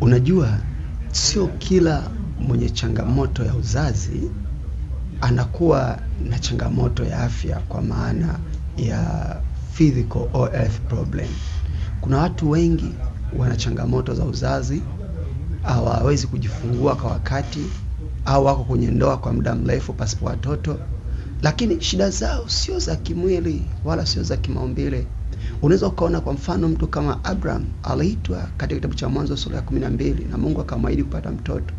Unajua, sio kila mwenye changamoto ya uzazi anakuwa na changamoto ya afya kwa maana ya physical or health problem. Kuna watu wengi wana changamoto za uzazi, hawawezi kujifungua kwa wakati au wako kwenye ndoa kwa muda mrefu pasipo watoto, lakini shida zao sio za kimwili wala sio za kimaumbile. Unaweza ukaona kwa mfano mtu kama Abraham aliitwa katika kitabu cha Mwanzo sura ya kumi na mbili na Mungu akamwahidi kupata mtoto,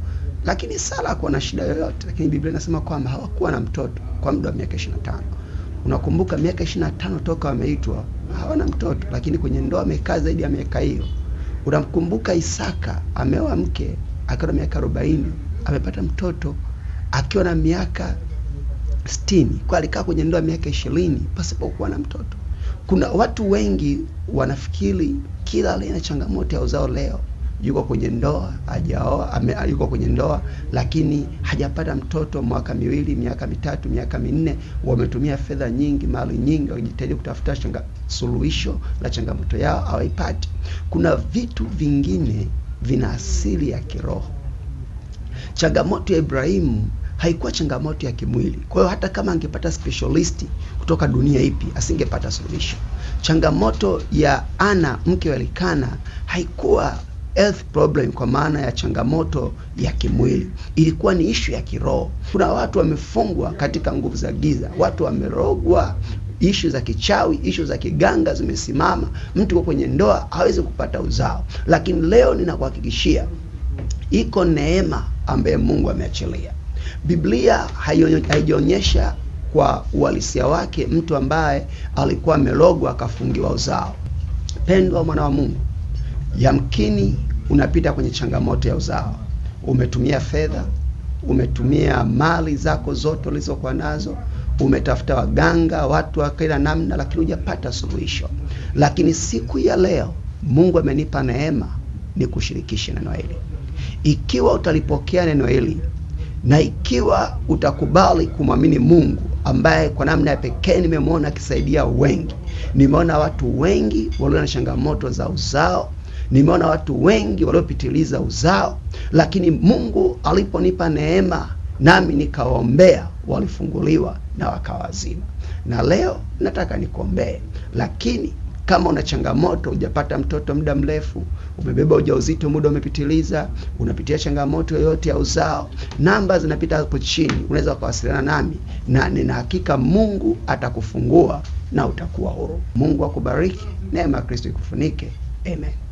lakini Sara hakuwa na shida yoyote, lakini Biblia inasema kwamba hawakuwa na mtoto kwa muda wa miaka ishirini na tano. Unakumbuka miaka ishirini na tano toka wameitwa hawana mtoto, lakini kwenye ndoa amekaa zaidi ya miaka hiyo. Unamkumbuka Isaka ameoa mke akiwa na miaka arobaini amepata mtoto akiwa na miaka sitini kwa alikaa kwenye ndoa miaka ishirini pasipokuwa na mtoto. Kuna watu wengi wanafikiri kila alina changamoto ya uzao leo yuko kwenye ndoa hajaoa, ame yuko kwenye ndoa lakini hajapata mtoto, mwaka miwili, miaka mitatu, miaka minne, wametumia fedha nyingi, mali nyingi, wakijitahidi kutafuta changa, suluhisho la changamoto yao hawaipati. Kuna vitu vingine vina asili ya kiroho. Changamoto ya Ibrahimu haikuwa changamoto ya kimwili. Kwa hiyo hata kama angepata specialist kutoka dunia ipi, asingepata suluhisho. Changamoto ya Ana mke wa Elikana haikuwa health problem kwa maana ya changamoto ya kimwili, ilikuwa ni ishu ya kiroho. Kuna watu wamefungwa katika nguvu za giza, watu wamerogwa ishu za kichawi, ishu za kiganga zimesimama. Mtu kwa kwenye ndoa hawezi kupata uzao, lakini leo ninakuhakikishia iko neema ambaye Mungu ameachilia. Biblia haijaonyesha kwa uhalisia wake mtu ambaye alikuwa amelogwa akafungiwa uzao. Pendwa mwana wa Mungu, yamkini unapita kwenye changamoto ya uzao, umetumia fedha, umetumia mali zako zote ulizokuwa nazo umetafuta waganga, watu wa kila namna, lakini hujapata suluhisho. Lakini siku ya leo Mungu amenipa neema ni kushirikisha neno hili. Ikiwa utalipokea neno hili na ikiwa utakubali kumwamini Mungu ambaye kwa namna ya pekee nimemwona akisaidia wengi. Nimeona watu wengi walio na changamoto za uzao, nimeona watu wengi waliopitiliza uzao, lakini Mungu aliponipa neema nami nikawaombea, walifunguliwa na wakawazima. Na leo nataka nikuombee, lakini kama una changamoto, hujapata mtoto muda mrefu, umebeba ujauzito muda umepitiliza, unapitia changamoto yoyote ya uzao, namba zinapita hapo chini, unaweza kuwasiliana nami na nina hakika Mungu atakufungua na utakuwa huru. Mungu akubariki, neema ya Kristo ikufunike. Amen.